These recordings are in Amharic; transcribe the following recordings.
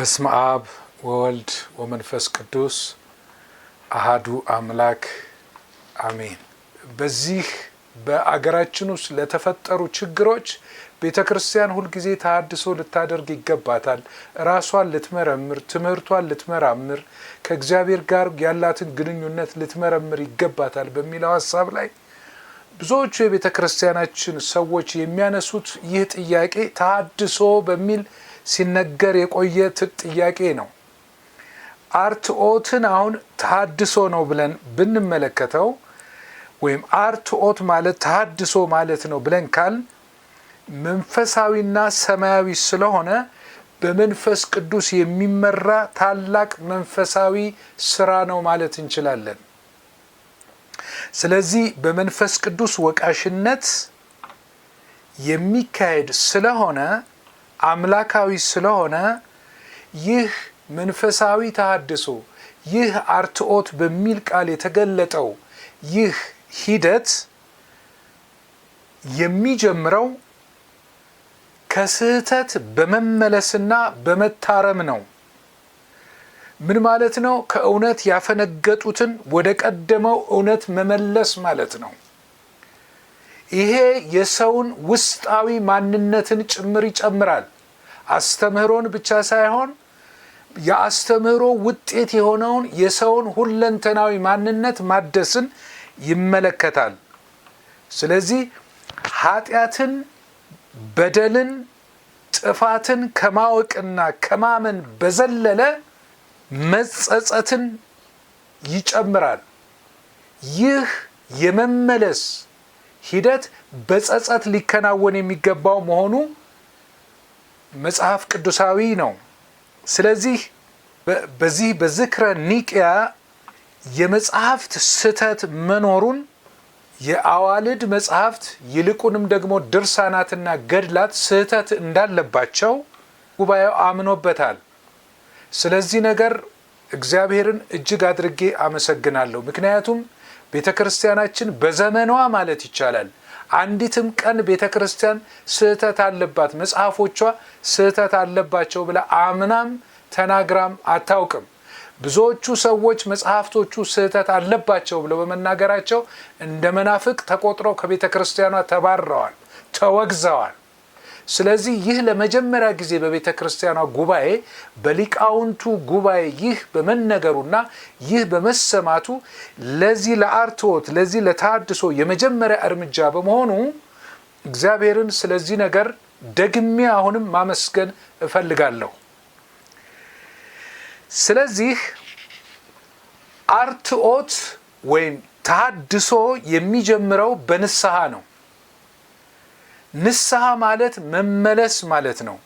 በስመ አብ ወወልድ ወመንፈስ ቅዱስ አሃዱ አምላክ አሜን። በዚህ በአገራችን ውስጥ ለተፈጠሩ ችግሮች ቤተ ክርስቲያን ሁልጊዜ ተሃድሶ ልታደርግ ይገባታል። ራሷን ልትመረምር፣ ትምህርቷን ልትመራምር፣ ከእግዚአብሔር ጋር ያላትን ግንኙነት ልትመረምር ይገባታል በሚለው ሀሳብ ላይ ብዙዎቹ የቤተ ክርስቲያናችን ሰዎች የሚያነሱት ይህ ጥያቄ ተሃድሶ በሚል ሲነገር የቆየ ጥያቄ ነው። አርትኦትን አሁን ተሃድሶ ነው ብለን ብንመለከተው ወይም አርትኦት ማለት ተሃድሶ ማለት ነው ብለን ካል መንፈሳዊና ሰማያዊ ስለሆነ በመንፈስ ቅዱስ የሚመራ ታላቅ መንፈሳዊ ስራ ነው ማለት እንችላለን። ስለዚህ በመንፈስ ቅዱስ ወቃሽነት የሚካሄድ ስለሆነ አምላካዊ ስለሆነ ይህ መንፈሳዊ ተሃድሶ ይህ አርትኦት በሚል ቃል የተገለጠው ይህ ሂደት የሚጀምረው ከስህተት በመመለስና በመታረም ነው። ምን ማለት ነው? ከእውነት ያፈነገጡትን ወደ ቀደመው እውነት መመለስ ማለት ነው። ይሄ የሰውን ውስጣዊ ማንነትን ጭምር ይጨምራል። አስተምህሮን ብቻ ሳይሆን የአስተምህሮ ውጤት የሆነውን የሰውን ሁለንተናዊ ማንነት ማደስን ይመለከታል። ስለዚህ ኃጢአትን፣ በደልን፣ ጥፋትን ከማወቅና ከማመን በዘለለ መጸጸትን ይጨምራል። ይህ የመመለስ ሂደት በጸጸት ሊከናወን የሚገባው መሆኑ መጽሐፍ ቅዱሳዊ ነው። ስለዚህ በዚህ በዝክረ ኒቅያ የመጽሐፍት ስህተት መኖሩን የአዋልድ መጽሐፍት ይልቁንም ደግሞ ድርሳናትና ገድላት ስህተት እንዳለባቸው ጉባኤው አምኖበታል። ስለዚህ ነገር እግዚአብሔርን እጅግ አድርጌ አመሰግናለሁ። ምክንያቱም ቤተ ክርስቲያናችን በዘመኗ ማለት ይቻላል አንዲትም ቀን ቤተ ክርስቲያን ስህተት አለባት፣ መጽሐፎቿ ስህተት አለባቸው ብላ አምናም ተናግራም አታውቅም። ብዙዎቹ ሰዎች መጽሐፍቶቹ ስህተት አለባቸው ብለው በመናገራቸው እንደ መናፍቅ ተቆጥረው ከቤተ ክርስቲያኗ ተባረዋል፣ ተወግዘዋል። ስለዚህ ይህ ለመጀመሪያ ጊዜ በቤተ ክርስቲያኗ ጉባኤ በሊቃውንቱ ጉባኤ ይህ በመነገሩና ይህ በመሰማቱ ለዚህ ለአርትዖት ለዚህ ለታድሶ የመጀመሪያ እርምጃ በመሆኑ እግዚአብሔርን ስለዚህ ነገር ደግሜ አሁንም ማመስገን እፈልጋለሁ። ስለዚህ አርትዖት ወይም ተሃድሶ የሚጀምረው በንስሐ ነው። ንስሐ ማለት መመለስ ማለት ነው።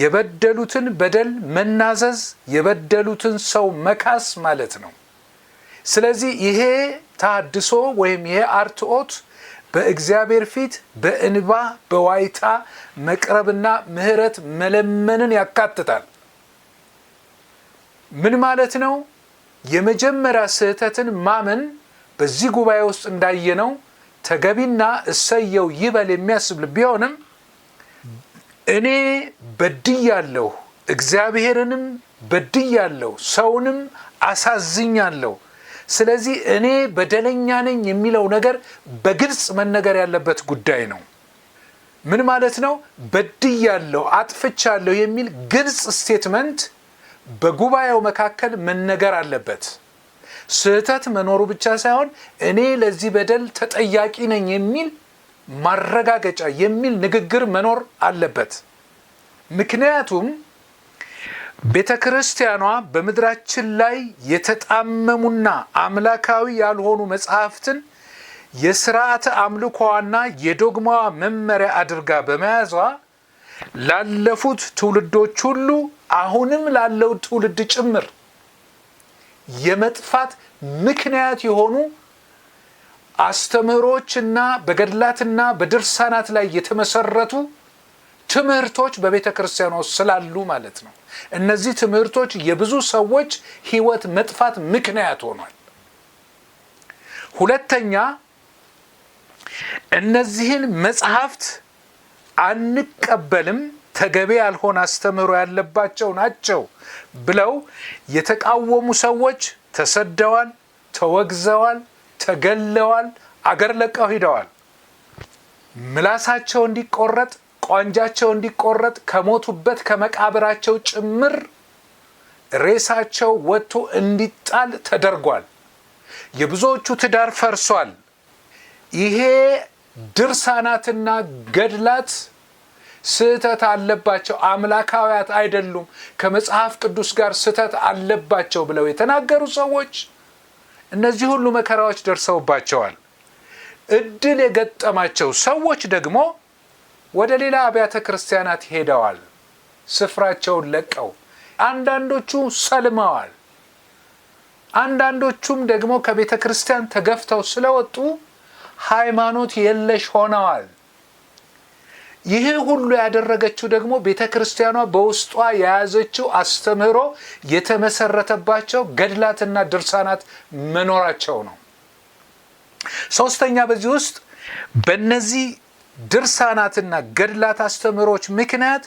የበደሉትን በደል መናዘዝ፣ የበደሉትን ሰው መካስ ማለት ነው። ስለዚህ ይሄ ታድሶ ወይም ይሄ አርትኦት በእግዚአብሔር ፊት በእንባ በዋይታ መቅረብና ምሕረት መለመንን ያካትታል። ምን ማለት ነው? የመጀመሪያ ስህተትን ማመን በዚህ ጉባኤ ውስጥ እንዳየነው ተገቢና እሰየው ይበል የሚያስብል ቢሆንም እኔ በድያለሁ፣ እግዚአብሔርንም በድያለሁ፣ ሰውንም አሳዝኛለሁ። ስለዚህ እኔ በደለኛ ነኝ የሚለው ነገር በግልጽ መነገር ያለበት ጉዳይ ነው። ምን ማለት ነው? በድያለሁ፣ አጥፍቻለሁ የሚል ግልጽ ስቴትመንት በጉባኤው መካከል መነገር አለበት። ስህተት መኖሩ ብቻ ሳይሆን እኔ ለዚህ በደል ተጠያቂ ነኝ የሚል ማረጋገጫ የሚል ንግግር መኖር አለበት። ምክንያቱም ቤተ ክርስቲያኗ በምድራችን ላይ የተጣመሙና አምላካዊ ያልሆኑ መጽሐፍትን የስርዓተ አምልኮዋና የዶግማዋ መመሪያ አድርጋ በመያዟ ላለፉት ትውልዶች ሁሉ አሁንም ላለው ትውልድ ጭምር የመጥፋት ምክንያት የሆኑ አስተምህሮችና በገድላትና በድርሳናት ላይ የተመሰረቱ ትምህርቶች በቤተ ክርስቲያን ስላሉ ማለት ነው። እነዚህ ትምህርቶች የብዙ ሰዎች ሕይወት መጥፋት ምክንያት ሆኗል። ሁለተኛ እነዚህን መጽሐፍት አንቀበልም ተገቢ ያልሆን አስተምህሮ ያለባቸው ናቸው ብለው የተቃወሙ ሰዎች ተሰደዋል፣ ተወግዘዋል፣ ተገለዋል፣ አገር ለቀው ሂደዋል። ምላሳቸው እንዲቆረጥ፣ ቋንጃቸው እንዲቆረጥ ከሞቱበት ከመቃብራቸው ጭምር ሬሳቸው ወጥቶ እንዲጣል ተደርጓል። የብዙዎቹ ትዳር ፈርሷል። ይሄ ድርሳናትና ገድላት ስህተት አለባቸው፣ አምላካውያት አይደሉም፣ ከመጽሐፍ ቅዱስ ጋር ስህተት አለባቸው ብለው የተናገሩ ሰዎች እነዚህ ሁሉ መከራዎች ደርሰውባቸዋል። እድል የገጠማቸው ሰዎች ደግሞ ወደ ሌላ አብያተ ክርስቲያናት ሄደዋል፣ ስፍራቸውን ለቀው። አንዳንዶቹ ሰልመዋል። አንዳንዶቹም ደግሞ ከቤተ ክርስቲያን ተገፍተው ስለወጡ ሃይማኖት የለሽ ሆነዋል። ይህ ሁሉ ያደረገችው ደግሞ ቤተ ክርስቲያኗ በውስጧ የያዘችው አስተምህሮ የተመሰረተባቸው ገድላትና ድርሳናት መኖራቸው ነው። ሶስተኛ፣ በዚህ ውስጥ በእነዚህ ድርሳናትና ገድላት አስተምህሮች ምክንያት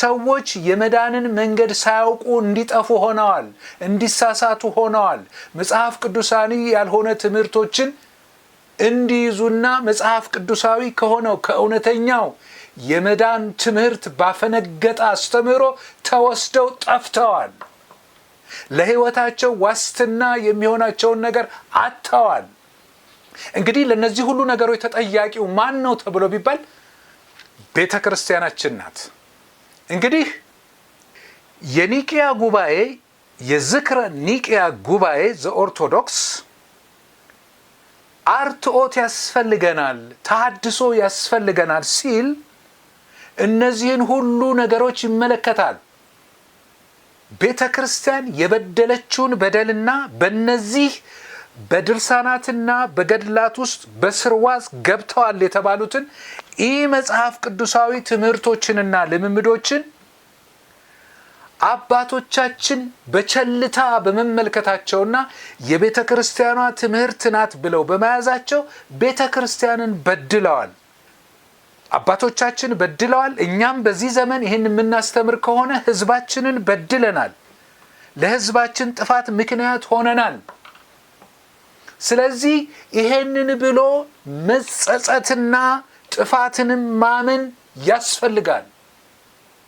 ሰዎች የመዳንን መንገድ ሳያውቁ እንዲጠፉ ሆነዋል፣ እንዲሳሳቱ ሆነዋል። መጽሐፍ ቅዱሳዊ ያልሆነ ትምህርቶችን እንዲይዙና መጽሐፍ ቅዱሳዊ ከሆነው ከእውነተኛው የመዳን ትምህርት ባፈነገጠ አስተምህሮ ተወስደው ጠፍተዋል። ለሕይወታቸው ዋስትና የሚሆናቸውን ነገር አጥተዋል። እንግዲህ ለእነዚህ ሁሉ ነገሮች ተጠያቂው ማን ነው ተብሎ ቢባል ቤተ ክርስቲያናችን ናት። እንግዲህ የኒቅያ ጉባኤ የዝክረ ኒቅያ ጉባኤ ዘኦርቶዶክስ አርትኦት ያስፈልገናል፣ ተሃድሶ ያስፈልገናል ሲል እነዚህን ሁሉ ነገሮች ይመለከታል። ቤተ ክርስቲያን የበደለችውን በደልና በእነዚህ በድርሳናትና በገድላት ውስጥ በስርዋስ ገብተዋል የተባሉትን ይህ መጽሐፍ ቅዱሳዊ ትምህርቶችንና ልምምዶችን አባቶቻችን በቸልታ በመመልከታቸውና የቤተ ክርስቲያኗ ትምህርት ናት ብለው በመያዛቸው ቤተ ክርስቲያንን በድለዋል። አባቶቻችን በድለዋል። እኛም በዚህ ዘመን ይህን የምናስተምር ከሆነ ህዝባችንን በድለናል፣ ለህዝባችን ጥፋት ምክንያት ሆነናል። ስለዚህ ይሄንን ብሎ መጸጸትና ጥፋትንም ማመን ያስፈልጋል።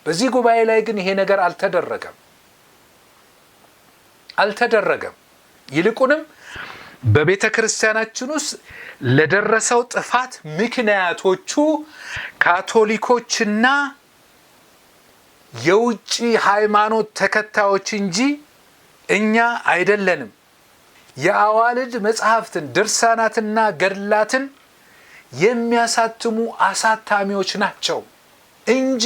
በዚህ ጉባኤ ላይ ግን ይሄ ነገር አልተደረገም አልተደረገም። ይልቁንም በቤተ ክርስቲያናችን ውስጥ ለደረሰው ጥፋት ምክንያቶቹ ካቶሊኮችና የውጭ ሃይማኖት ተከታዮች እንጂ እኛ አይደለንም። የአዋልድ መጽሐፍትን ድርሳናትና ገድላትን የሚያሳትሙ አሳታሚዎች ናቸው እንጂ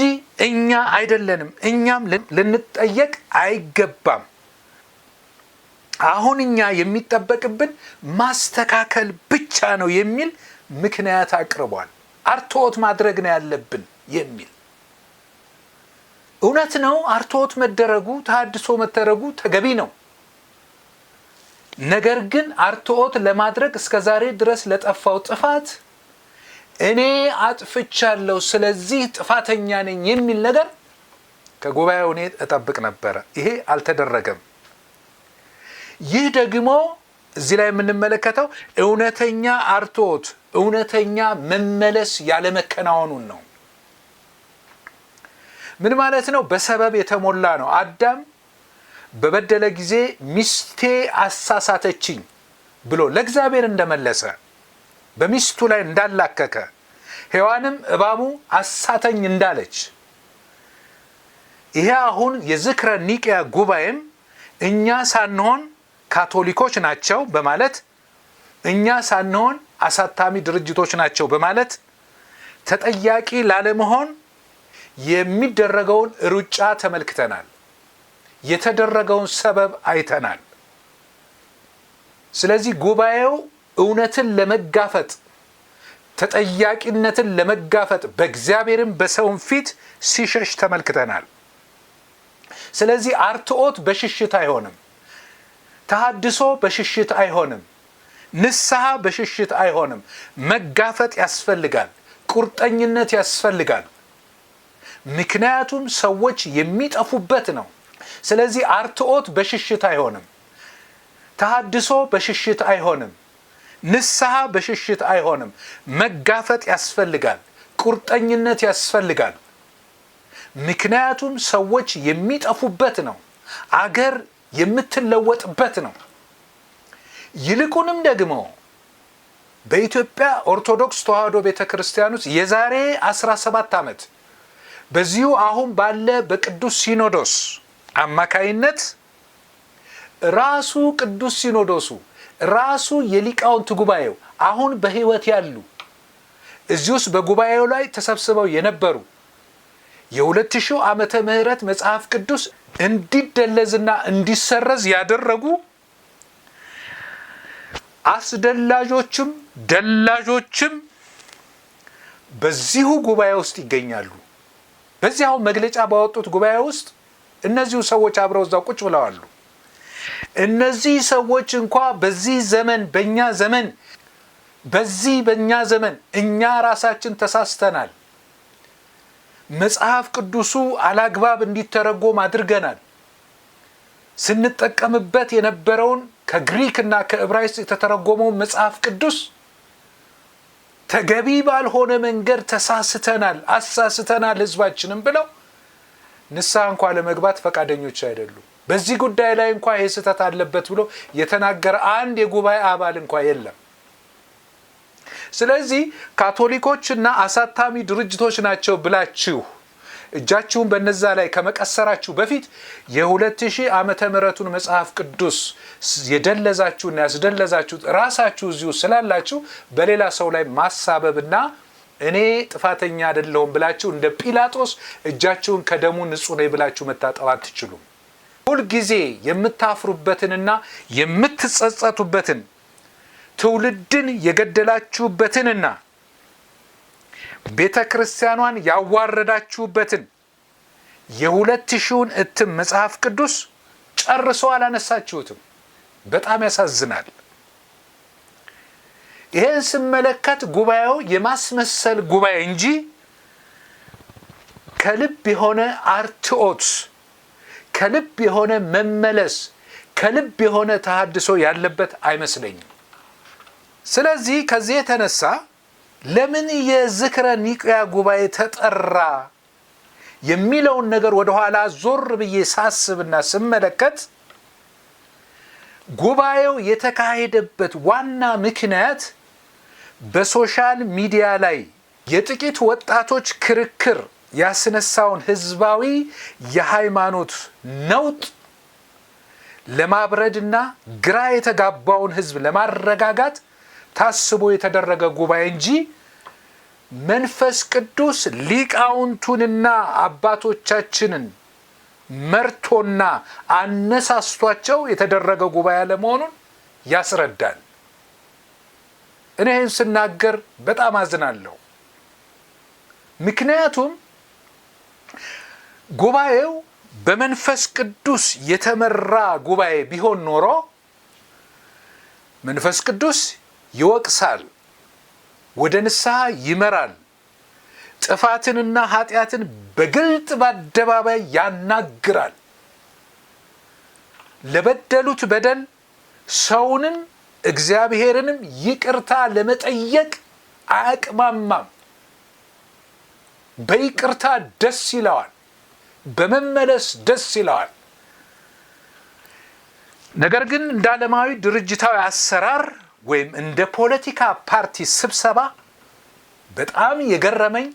እኛ አይደለንም። እኛም ልንጠየቅ አይገባም። አሁን እኛ የሚጠበቅብን ማስተካከል ብቻ ነው የሚል ምክንያት አቅርቧል። አርትዖት ማድረግ ነው ያለብን የሚል እውነት ነው። አርትዖት መደረጉ ተሃድሶ መደረጉ ተገቢ ነው። ነገር ግን አርትዖት ለማድረግ እስከ ዛሬ ድረስ ለጠፋው ጥፋት እኔ አጥፍቻለሁ፣ ስለዚህ ጥፋተኛ ነኝ የሚል ነገር ከጉባኤው እኔ እጠብቅ ነበረ። ይሄ አልተደረገም። ይህ ደግሞ እዚህ ላይ የምንመለከተው እውነተኛ አርቶት እውነተኛ መመለስ ያለመከናወኑን ነው። ምን ማለት ነው? በሰበብ የተሞላ ነው። አዳም በበደለ ጊዜ ሚስቴ አሳሳተችኝ ብሎ ለእግዚአብሔር እንደመለሰ በሚስቱ ላይ እንዳላከከ ሔዋንም እባቡ አሳተኝ እንዳለች ይሄ አሁን የዝክረ ኒቅያ ጉባኤም እኛ ሳንሆን ካቶሊኮች ናቸው በማለት እኛ ሳንሆን አሳታሚ ድርጅቶች ናቸው በማለት ተጠያቂ ላለመሆን የሚደረገውን ሩጫ ተመልክተናል። የተደረገውን ሰበብ አይተናል። ስለዚህ ጉባኤው እውነትን ለመጋፈጥ ተጠያቂነትን ለመጋፈጥ በእግዚአብሔርም በሰውም ፊት ሲሸሽ ተመልክተናል። ስለዚህ አርትኦት በሽሽት አይሆንም። ተሃድሶ በሽሽት አይሆንም። ንስሐ በሽሽት አይሆንም። መጋፈጥ ያስፈልጋል። ቁርጠኝነት ያስፈልጋል። ምክንያቱም ሰዎች የሚጠፉበት ነው። ስለዚህ አርትኦት በሽሽት አይሆንም። ተሃድሶ በሽሽት አይሆንም። ንስሐ በሽሽት አይሆንም። መጋፈጥ ያስፈልጋል። ቁርጠኝነት ያስፈልጋል። ምክንያቱም ሰዎች የሚጠፉበት ነው። አገር የምትለወጥበት ነው። ይልቁንም ደግሞ በኢትዮጵያ ኦርቶዶክስ ተዋህዶ ቤተ ክርስቲያን ውስጥ የዛሬ 17 ዓመት በዚሁ አሁን ባለ በቅዱስ ሲኖዶስ አማካይነት ራሱ ቅዱስ ሲኖዶሱ ራሱ የሊቃውንት ጉባኤው አሁን በሕይወት ያሉ እዚህ ውስጥ በጉባኤው ላይ ተሰብስበው የነበሩ የሁለት ሺው ዓመተ ምህረት መጽሐፍ ቅዱስ እንዲደለዝና እንዲሰረዝ ያደረጉ አስደላዦችም ደላዦችም በዚሁ ጉባኤ ውስጥ ይገኛሉ። በዚያው መግለጫ ባወጡት ጉባኤ ውስጥ እነዚሁ ሰዎች አብረው እዛ ቁጭ ብለዋሉ። እነዚህ ሰዎች እንኳ በዚህ ዘመን በእኛ ዘመን በዚህ በእኛ ዘመን እኛ ራሳችን ተሳስተናል። መጽሐፍ ቅዱሱ አላግባብ እንዲተረጎም አድርገናል። ስንጠቀምበት የነበረውን ከግሪክ እና ከዕብራይስጥ የተተረጎመውን መጽሐፍ ቅዱስ ተገቢ ባልሆነ መንገድ ተሳስተናል፣ አሳስተናል ህዝባችንም ብለው ንስሐ እንኳ ለመግባት ፈቃደኞች አይደሉም። በዚህ ጉዳይ ላይ እንኳ ይህ ስህተት አለበት ብሎ የተናገረ አንድ የጉባኤ አባል እንኳ የለም። ስለዚህ ካቶሊኮችና አሳታሚ ድርጅቶች ናቸው ብላችሁ እጃችሁን በነዛ ላይ ከመቀሰራችሁ በፊት የሁለት ሺህ ዓመተ ምሕረቱን መጽሐፍ ቅዱስ የደለዛችሁና ያስደለዛችሁት ራሳችሁ እዚሁ ስላላችሁ በሌላ ሰው ላይ ማሳበብና እኔ ጥፋተኛ አይደለሁም ብላችሁ እንደ ጲላጦስ እጃችሁን ከደሙ ንጹሕ ነኝ ብላችሁ መታጠብ አትችሉም። ሁልጊዜ የምታፍሩበትንና የምትጸጸቱበትን ትውልድን የገደላችሁበትንና ቤተ ክርስቲያኗን ያዋረዳችሁበትን የሁለት ሺውን እትም መጽሐፍ ቅዱስ ጨርሶ አላነሳችሁትም። በጣም ያሳዝናል። ይህን ስመለከት ጉባኤው የማስመሰል ጉባኤ እንጂ ከልብ የሆነ አርትኦት፣ ከልብ የሆነ መመለስ፣ ከልብ የሆነ ተሃድሶ ያለበት አይመስለኝም። ስለዚህ ከዚህ የተነሳ ለምን የዝክረ ኒቅያ ጉባኤ ተጠራ የሚለውን ነገር ወደኋላ ዞር ብዬ ሳስብና ስመለከት ጉባኤው የተካሄደበት ዋና ምክንያት በሶሻል ሚዲያ ላይ የጥቂት ወጣቶች ክርክር ያስነሳውን ህዝባዊ የሃይማኖት ነውጥ ለማብረድና ግራ የተጋባውን ህዝብ ለማረጋጋት ታስቦ የተደረገ ጉባኤ እንጂ መንፈስ ቅዱስ ሊቃውንቱንና አባቶቻችንን መርቶና አነሳስቷቸው የተደረገ ጉባኤ አለመሆኑን ያስረዳል። እኔ ይህን ስናገር በጣም አዝናለሁ። ምክንያቱም ጉባኤው በመንፈስ ቅዱስ የተመራ ጉባኤ ቢሆን ኖሮ መንፈስ ቅዱስ ይወቅሳል፣ ወደ ንስሐ ይመራል፣ ጥፋትንና ኃጢአትን በግልጥ በአደባባይ ያናግራል። ለበደሉት በደል ሰውንም እግዚአብሔርንም ይቅርታ ለመጠየቅ አያቅማማም። በይቅርታ ደስ ይለዋል፣ በመመለስ ደስ ይለዋል። ነገር ግን እንደ ዓለማዊ ድርጅታዊ አሰራር ወይም እንደ ፖለቲካ ፓርቲ ስብሰባ በጣም የገረመኝ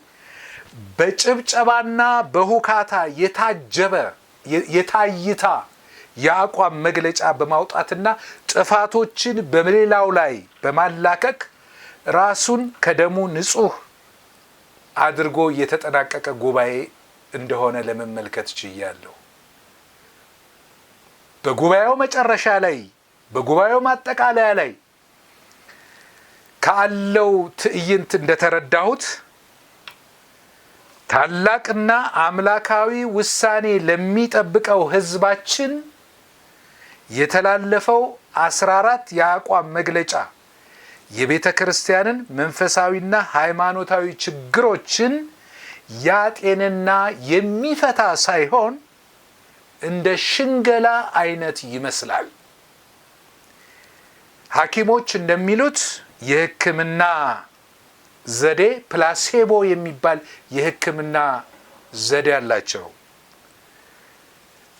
በጭብጨባና በሁካታ የታጀበ የታይታ የአቋም መግለጫ በማውጣትና ጥፋቶችን በሌላው ላይ በማላከክ ራሱን ከደሙ ንጹህ አድርጎ የተጠናቀቀ ጉባኤ እንደሆነ ለመመልከት ችያለሁ። በጉባኤው መጨረሻ ላይ በጉባኤው ማጠቃለያ ላይ ካለው ትዕይንት እንደተረዳሁት ታላቅና አምላካዊ ውሳኔ ለሚጠብቀው ህዝባችን የተላለፈው አስራ አራት የአቋም መግለጫ የቤተ ክርስቲያንን መንፈሳዊና ሃይማኖታዊ ችግሮችን ያጤንና የሚፈታ ሳይሆን እንደ ሽንገላ አይነት ይመስላል። ሐኪሞች እንደሚሉት የህክምና ዘዴ ፕላሴቦ የሚባል የህክምና ዘዴ አላቸው።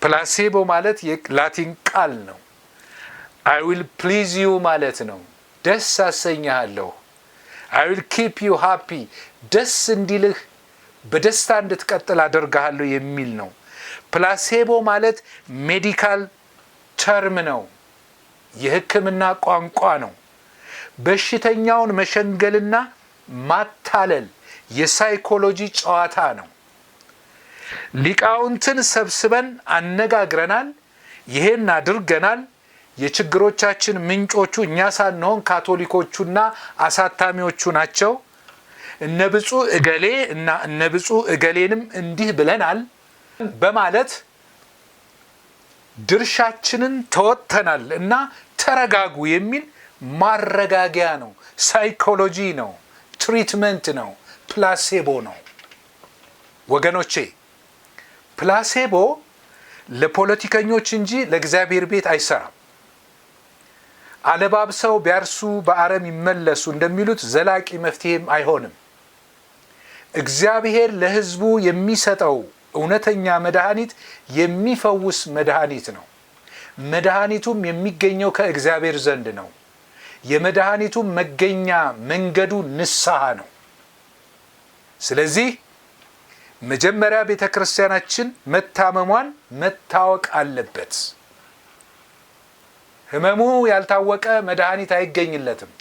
ፕላሴቦ ማለት የላቲን ቃል ነው። አይ ዊል ፕሊዝ ዩ ማለት ነው። ደስ አሰኝሃለሁ። አይ ዊል ኪፕ ዩ ሃፒ፣ ደስ እንዲልህ በደስታ እንድትቀጥል አደርግሃለሁ የሚል ነው። ፕላሴቦ ማለት ሜዲካል ተርም ነው፣ የህክምና ቋንቋ ነው። በሽተኛውን መሸንገልና ማታለል የሳይኮሎጂ ጨዋታ ነው። ሊቃውንትን ሰብስበን አነጋግረናል። ይሄን አድርገናል። የችግሮቻችን ምንጮቹ እኛ ሳንሆን ካቶሊኮቹና አሳታሚዎቹ ናቸው። እነ ብፁ እገሌ እና እነ ብፁ እገሌንም እንዲህ ብለናል በማለት ድርሻችንን ተወጥተናል እና ተረጋጉ የሚል ማረጋጊያ ነው፣ ሳይኮሎጂ ነው፣ ትሪትመንት ነው፣ ፕላሴቦ ነው። ወገኖቼ ፕላሴቦ ለፖለቲከኞች እንጂ ለእግዚአብሔር ቤት አይሰራም። አለባብሰው ቢያርሱ በአረም ይመለሱ እንደሚሉት ዘላቂ መፍትሄም አይሆንም። እግዚአብሔር ለሕዝቡ የሚሰጠው እውነተኛ መድኃኒት የሚፈውስ መድኃኒት ነው። መድኃኒቱም የሚገኘው ከእግዚአብሔር ዘንድ ነው። የመድኃኒቱ መገኛ መንገዱ ንስሐ ነው። ስለዚህ መጀመሪያ ቤተ ክርስቲያናችን መታመሟን መታወቅ አለበት። ህመሙ ያልታወቀ መድኃኒት አይገኝለትም።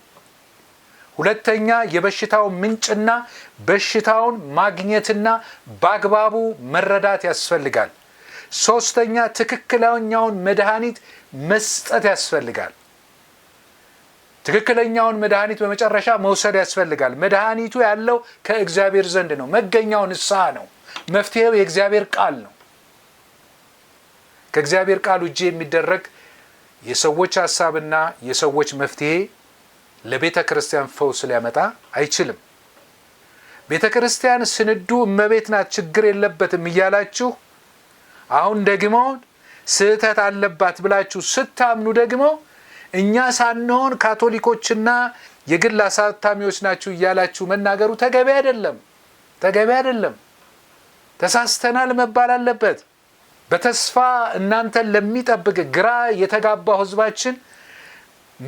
ሁለተኛ የበሽታው ምንጭና በሽታውን ማግኘትና በአግባቡ መረዳት ያስፈልጋል። ሶስተኛ ትክክለኛውን መድኃኒት መስጠት ያስፈልጋል። ትክክለኛውን መድኃኒት በመጨረሻ መውሰድ ያስፈልጋል። መድኃኒቱ ያለው ከእግዚአብሔር ዘንድ ነው። መገኛው ንስሐ ነው። መፍትሄው የእግዚአብሔር ቃል ነው። ከእግዚአብሔር ቃል እጅ የሚደረግ የሰዎች ሀሳብና የሰዎች መፍትሄ ለቤተ ክርስቲያን ፈውስ ሊያመጣ አይችልም። ቤተ ክርስቲያን ስንዱ እመቤት ናት፣ ችግር የለበትም እያላችሁ አሁን ደግሞ ስህተት አለባት ብላችሁ ስታምኑ ደግሞ እኛ ሳንሆን ካቶሊኮችና የግል አሳታሚዎች ናችሁ እያላችሁ መናገሩ ተገቢ አይደለም፣ ተገቢ አይደለም። ተሳስተናል መባል አለበት። በተስፋ እናንተን ለሚጠብቅ ግራ የተጋባው ህዝባችን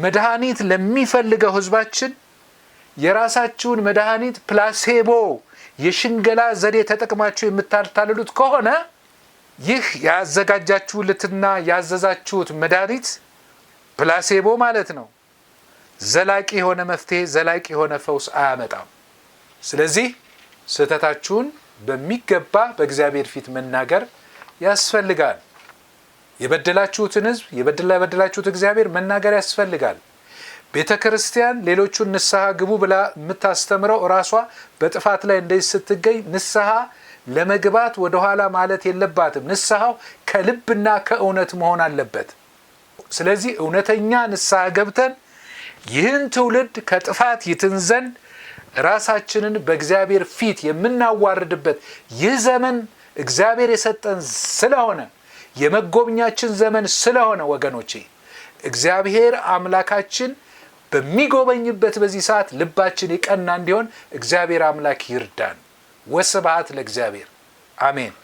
መድኃኒት ለሚፈልገው ህዝባችን የራሳችሁን መድኃኒት ፕላሴቦ የሽንገላ ዘዴ ተጠቅማችሁ የምታታልሉት ከሆነ ይህ ያዘጋጃችሁልትና ያዘዛችሁት መድኃኒት ፕላሴቦ ማለት ነው። ዘላቂ የሆነ መፍትሄ፣ ዘላቂ የሆነ ፈውስ አያመጣም። ስለዚህ ስህተታችሁን በሚገባ በእግዚአብሔር ፊት መናገር ያስፈልጋል። የበደላችሁትን ሕዝብ የበደላ የበደላችሁት እግዚአብሔር መናገር ያስፈልጋል። ቤተ ክርስቲያን ሌሎቹን ንስሐ ግቡ ብላ የምታስተምረው እራሷ በጥፋት ላይ እንደዚህ ስትገኝ ንስሐ ለመግባት ወደኋላ ማለት የለባትም። ንስሐው ከልብና ከእውነት መሆን አለበት። ስለዚህ እውነተኛ ንስሐ ገብተን ይህን ትውልድ ከጥፋት ይትን ዘንድ ራሳችንን በእግዚአብሔር ፊት የምናዋርድበት ይህ ዘመን እግዚአብሔር የሰጠን ስለሆነ የመጎብኛችን ዘመን ስለሆነ ወገኖቼ እግዚአብሔር አምላካችን በሚጎበኝበት በዚህ ሰዓት ልባችን የቀና እንዲሆን እግዚአብሔር አምላክ ይርዳን። ወስብሐት ለእግዚአብሔር አሜን።